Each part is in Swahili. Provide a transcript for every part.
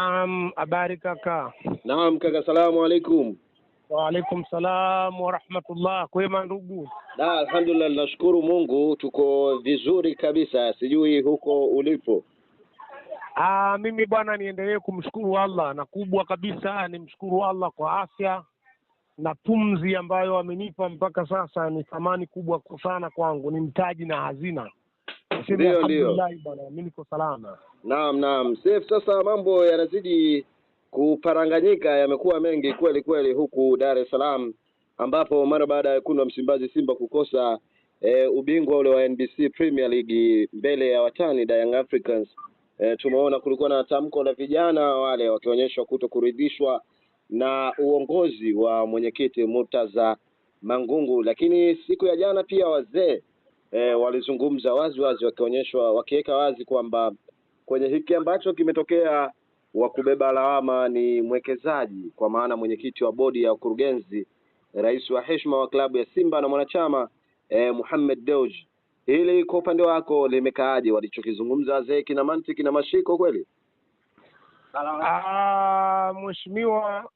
Naam, habari kaka? Naam kaka, salamu alaikum. Wa alaikum salam wa rahmatullah. Kwema ndugu? Na alhamdulillah, nashukuru Mungu tuko vizuri kabisa, sijui huko ulipo. Aa, ah, mimi bwana, niendelee kumshukuru Allah na kubwa kabisa nimshukuru Allah kwa afya na pumzi ambayo amenipa mpaka sasa, ni thamani kubwa sana kwangu, ni mtaji na hazina ndio, ndio. Bwana mimi niko salama. Naam, naam. Seif, sasa mambo yanazidi kuparanganyika, yamekuwa mengi kweli kweli huku Dar es Salaam, ambapo mara baada ya wekundu wa Msimbazi Simba kukosa e, ubingwa ule wa NBC Premier League mbele ya watani da Young Africans e, tumeona kulikuwa na tamko la vijana wale wakionyeshwa kuto kuridhishwa na uongozi wa mwenyekiti Murtaza Mangungu, lakini siku ya jana pia wazee e, walizungumza wazi wazi wakionyeshwa wakiweka wazi kwamba kwenye hiki ambacho kimetokea wa kubeba lawama ni mwekezaji, kwa maana mwenyekiti wa bodi ya ukurugenzi, rais wa heshima wa klabu ya Simba na mwanachama e, Mohamed Dewji. Hili kwa upande wako limekaaje, walichokizungumza wazee, kina mantiki na mashiko kweli? mweshimiwa ah,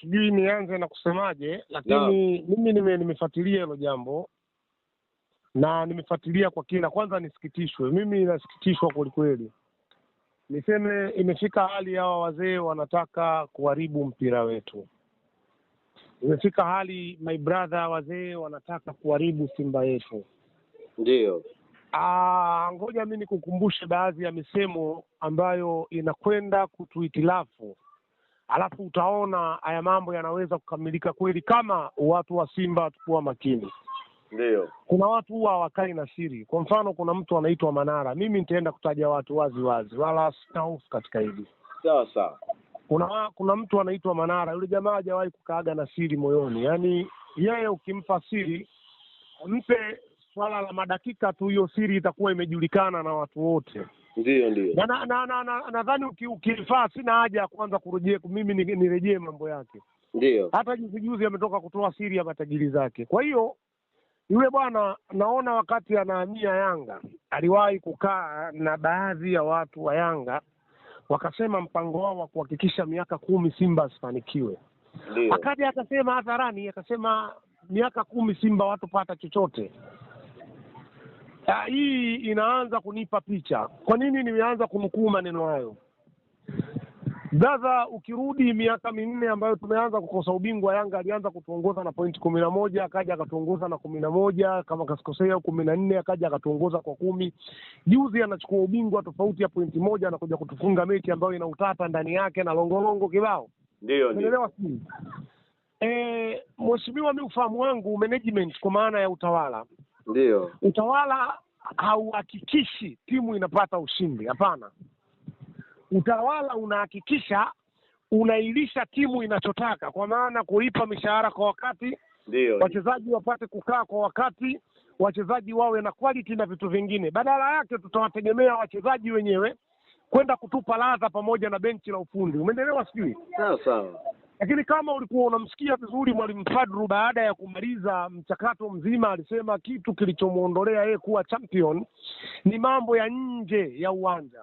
sijui nianze na kusemaje, lakini no. mimi nimefuatilia hilo jambo na nimefuatilia kwa kina. Kwanza nisikitishwe mimi, nasikitishwa kwelikweli. Niseme imefika hali hawa wazee wanataka kuharibu mpira wetu. Imefika hali my brother, wazee wanataka kuharibu Simba yetu. ndio ah, ngoja mi nikukumbushe baadhi ya misemo ambayo inakwenda kutuhitilafu, alafu utaona haya mambo yanaweza kukamilika kweli kama watu wa Simba watakuwa makini. Ndio, kuna watu huwa hawakai na siri. Kwa mfano, kuna mtu anaitwa Manara, mimi nitaenda kutaja watu wazi wazi, wala sina hofu katika hili. Sawa sawa. Kuna kuna mtu anaitwa Manara, yule jamaa hajawahi kukaaga na siri moyoni. Yaani yeye ukimpa siri, mpe swala la madakika tu, hiyo siri itakuwa imejulikana na watu wote. Ndiyo, ndiyo. Na nadhani na, na, na, na, na, uki, ukifaa sina haja ya kwanza kurejea, mimi nirejee mambo yake. Ndio, hata juzi juzi ametoka kutoa siri ya matajiri zake, kwa hiyo yule bwana naona wakati anahamia Yanga aliwahi kukaa na baadhi ya watu wa Yanga wakasema mpango wao wa kuhakikisha miaka kumi Simba asifanikiwe. Akaja akasema hadharani, akasema miaka kumi Simba watupata chochote. Ah, hii inaanza kunipa picha. Kwa nini nimeanza kunukuu maneno hayo? sasa ukirudi miaka minne ambayo tumeanza kukosa ubingwa, Yanga alianza kutuongoza na pointi kumi na moja akaja akatuongoza na kumi na moja kama kasikosea, au kumi na nne akaja akatuongoza kwa kumi. Juzi anachukua ubingwa tofauti ya pointi moja, anakuja kutufunga mechi ambayo ina utata ndani yake na longolongo kibao, ndio umeelewa E, mheshimiwa, mi ufahamu wangu management kwa maana ya utawala, ndio utawala hauhakikishi timu inapata ushindi, hapana utawala unahakikisha unailisha timu inachotaka, kwa maana kuipa mishahara kwa wakati, ndio wachezaji wapate kukaa kwa wakati, wachezaji wawe na quality na vitu vingine. Badala yake tutawategemea wachezaji wenyewe kwenda kutupa ladha pamoja na benchi la ufundi. Umeendelewa? Sijui sawa sawa. Lakini kama ulikuwa unamsikia vizuri Mwalimu Fadru, baada ya kumaliza mchakato mzima, alisema kitu kilichomwondolea yeye kuwa champion ni mambo ya nje ya uwanja.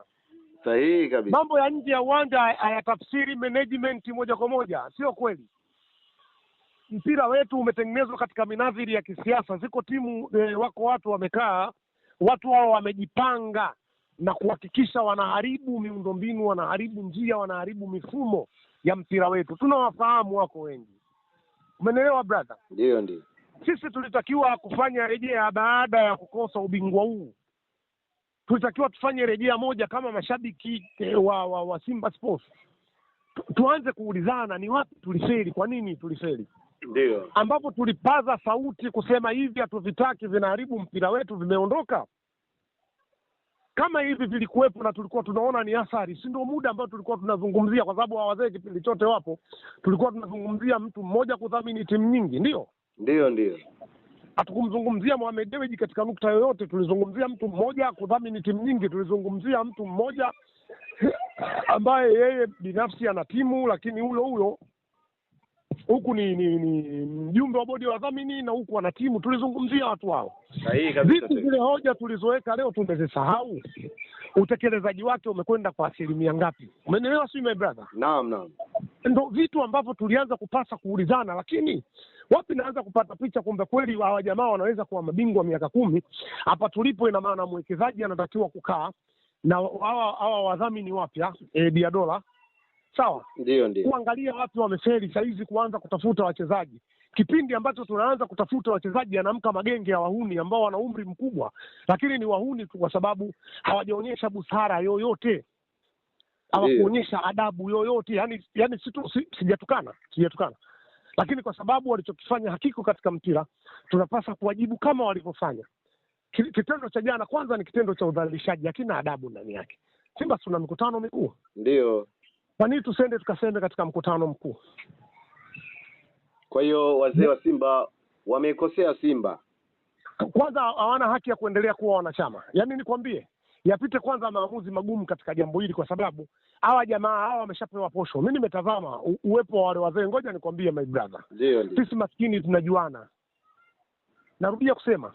Sahihi kabisa. Mambo ya nje ya uwanja hayatafsiri management moja kwa moja, sio kweli. Mpira wetu umetengenezwa katika minadhiri ya kisiasa. Ziko timu e, wako watu wamekaa, watu hao wamejipanga na kuhakikisha wanaharibu miundombinu, wanaharibu njia, wanaharibu mifumo ya mpira wetu. Tunawafahamu, wako wengi. Umenelewa brother? Ndio, ndio. Sisi tulitakiwa kufanya rejea baada ya kukosa ubingwa huu tulitakiwa tufanye rejea moja kama mashabiki eh, wa, wa, wa Simba Sports tuanze kuulizana ni wapi tuliseli, kwa nini tuliseli, ndio ambapo tulipaza sauti kusema hivi hatuvitaki, vinaharibu mpira wetu, vimeondoka. Kama hivi vilikuwepo na tulikuwa tunaona ni athari, si ndio muda ambao tulikuwa tunazungumzia? Kwa sababu wazee kipindi chote wapo, tulikuwa tunazungumzia mtu mmoja kudhamini timu nyingi, ndio ndio ndio Hatukumzungumzia Mohamed Dewji katika nukta yoyote. Tulizungumzia mtu mmoja kudhamini timu nyingi, tulizungumzia mtu mmoja ambaye yeye binafsi ana timu, lakini huyo huyo huku ni ni ni mjumbe wa bodi ya wadhamini na huku ana timu. Tulizungumzia watu hao. Vipi zile hoja tulizoweka leo tumezisahau? Utekelezaji wake umekwenda kwa asilimia ngapi? Umenielewa, si my brother? Naam, naam, ndo vitu ambavyo tulianza kupasa kuulizana, lakini wapi naanza kupata picha kwamba kweli hawa jamaa wanaweza kuwa mabingwa miaka kumi hapa tulipo. Ina maana mwekezaji anatakiwa kukaa na hawa wadhamini wapya e, Diadola sawa, ndio ndio, kuangalia wapi wameferi sahizi, kuanza kutafuta wachezaji kipindi ambacho tunaanza kutafuta wachezaji, anaamka magenge ya wahuni ambao wana umri mkubwa, lakini ni wahuni tu, kwa sababu hawajaonyesha busara yoyote, hawakuonyesha adabu yoyote. Yani, yani si, sijatukana sijatukana lakini kwa sababu walichokifanya hakiko katika mpira, tunapaswa kuwajibu kama walivyofanya. Kitendo cha jana kwanza ni kitendo cha udhalilishaji, hakina adabu ndani yake. Simba tuna mikutano mikuu, ndio kwa nini tusiende tukaseme katika mkutano mkuu? Kwa hiyo wazee wa Simba wameikosea Simba, kwanza hawana haki ya kuendelea kuwa wanachama. Yaani nikwambie yapite kwanza maamuzi magumu katika jambo hili, kwa sababu hawa jamaa hawa wameshapewa posho. Mi nimetazama uwepo wa wale wazee. Ngoja nikwambie my brother, sisi maskini tunajuana. Narudia kusema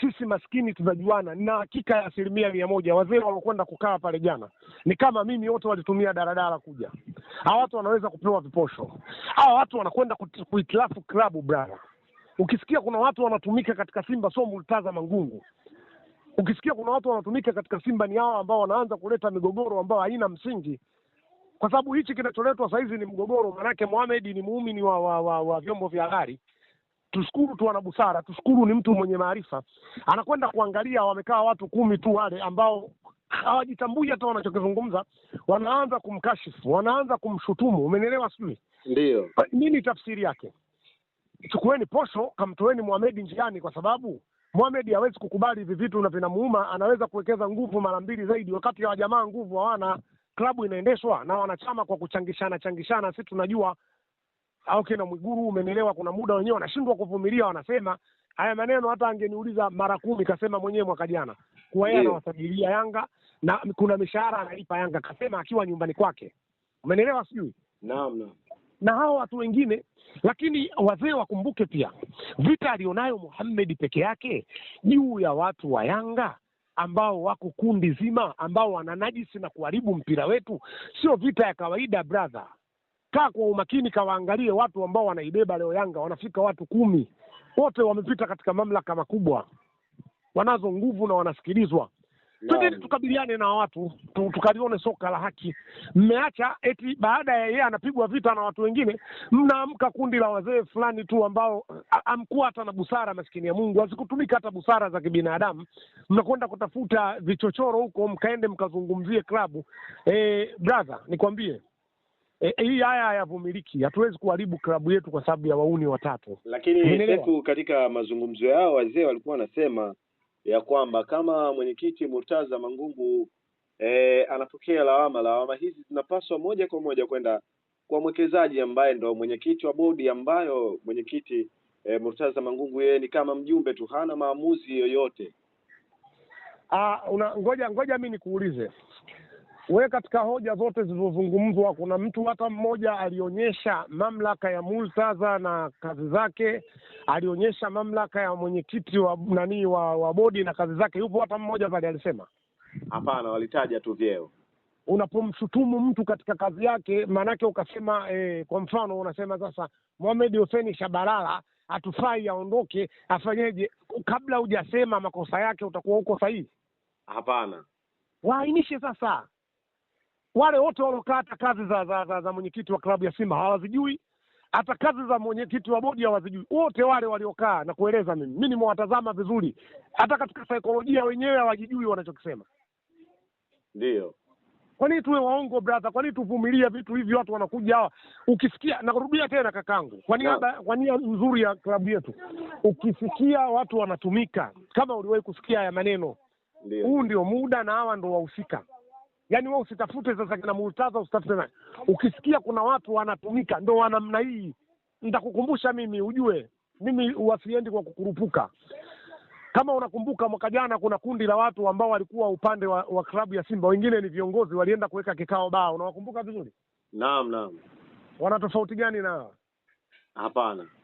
sisi maskini tunajuana, na hakika ya asilimia mia moja wazee waliokwenda kukaa pale jana ni kama mimi, wote walitumia daladala kuja. Hawa watu wanaweza kupewa viposho, hawa watu wanakwenda kuitilafu klabu brother. Ukisikia kuna watu wanatumika katika Simba, so Murtaza Mangungu Ukisikia kuna watu wanatumika katika Simba ni hao ambao wanaanza kuleta migogoro ambao haina msingi, kwa sababu hichi kinacholetwa hizi ni mgogoro. Maanake Mohamed ni muumini wa, wa, wa, wa vyombo vya habari. Tushukuru tu ana busara, tushukuru ni mtu mwenye maarifa, anakwenda kuangalia wamekaa watu kumi tu wale ambao hawajitambui hata wanachokizungumza, wanaanza kumkashifu, wanaanza kumshutumu. Umenielewa? Sijui ndio nini tafsiri yake. Chukueni posho, kamtoeni Mohamed njiani, kwa sababu Mohamed hawezi kukubali hivi vitu na vinamuuma, anaweza kuwekeza nguvu mara mbili zaidi, wakati wa jamaa nguvu hawana. Klabu inaendeshwa na wanachama kwa kuchangishana changishana, si tunajua au kina Mwiguru, umenielewa? Kuna muda wenyewe wanashindwa kuvumilia, wanasema haya maneno. Hata angeniuliza mara kumi, kasema mwenyewe mwaka jana kuwa yeye hmm. anawasajilia Yanga na kuna mishahara analipa Yanga, kasema akiwa nyumbani kwake, umenielewa? Sijui naam, naam na hawa watu wengine. Lakini wazee wakumbuke pia vita alionayo Muhammad peke yake juu ya watu wa Yanga ambao wako kundi zima ambao wananajisi na kuharibu mpira wetu, sio vita ya kawaida brother. Kaa kwa umakini, kawaangalie watu ambao wanaibeba leo Yanga, wanafika watu kumi, wote wamepita katika mamlaka makubwa, wanazo nguvu na wanasikilizwa. Twendeni tukabiliane na watu, tukalione soka la haki. Mmeacha eti baada ya yeye anapigwa vita na watu wengine, mnaamka kundi la wazee fulani tu ambao amkuwa hata na busara, maskini ya Mungu, hazikutumika hata busara za kibinadamu. Mnakwenda kutafuta vichochoro huko, mkaende mkazungumzie klabu. Eh, brother, nikwambie e, e, hii haya hayavumiliki. Hatuwezi kuharibu klabu yetu kwa sababu ya wauni watatu. Lakini Seku, katika mazungumzo yao wazee walikuwa wanasema ya kwamba kama mwenyekiti Murtaza Mangungu e, anapokea lawama, lawama hizi zinapaswa moja kwa moja kwenda kwa mwekezaji ambaye ndo mwenyekiti wa bodi ambayo mwenyekiti e, Murtaza Mangungu yeye ni kama mjumbe tu, hana maamuzi yoyote. Ah, una ngoja ngoja mimi nikuulize wewe, katika hoja zote zilizozungumzwa, kuna mtu hata mmoja alionyesha mamlaka ya Murtaza na kazi zake alionyesha mamlaka ya mwenyekiti wa nani wa, wa bodi na kazi zake. Yupo hata mmoja pale alisema? Hapana, walitaja tu vyeo. Unapomshutumu mtu katika kazi yake, maanake ukasema eh, kwa mfano unasema sasa Mohamed Hussein Shabalala hatufai aondoke, afanyeje? Kabla hujasema makosa yake, utakuwa uko sahihi? Hapana, waainishe sasa. Wale wote walokata kazi za, za, za, za mwenyekiti wa klabu ya Simba hawazijui hata kazi za mwenyekiti wa bodi hawazijui. Wote wale waliokaa na kueleza, mimi mi nimewatazama vizuri, hata katika saikolojia wenyewe hawajijui wanachokisema. ndio kwa nini tuwe waongo brother? Kwa nini tuvumilia vitu hivi? Watu wanakuja hawa, ukisikia nakurudia tena kakangu, kwa niaba kwa nia nzuri ya klabu yetu, ukisikia watu wanatumika, kama uliwahi kusikia haya maneno, huu ndio muda na hawa ndo wahusika. Yaani wewe usitafute sasa kina Murtaza, usitafute nani. Ukisikia kuna watu wanatumika ndo wa namna hii, nitakukumbusha mimi, ujue mimi wasiendi kwa kukurupuka. Kama unakumbuka mwaka jana, kuna kundi la watu ambao walikuwa upande wa, wa klabu ya Simba, wengine ni viongozi, walienda kuweka kikao baa. Unawakumbuka vizuri? Naam, naam. Wana tofauti gani na? Hapana.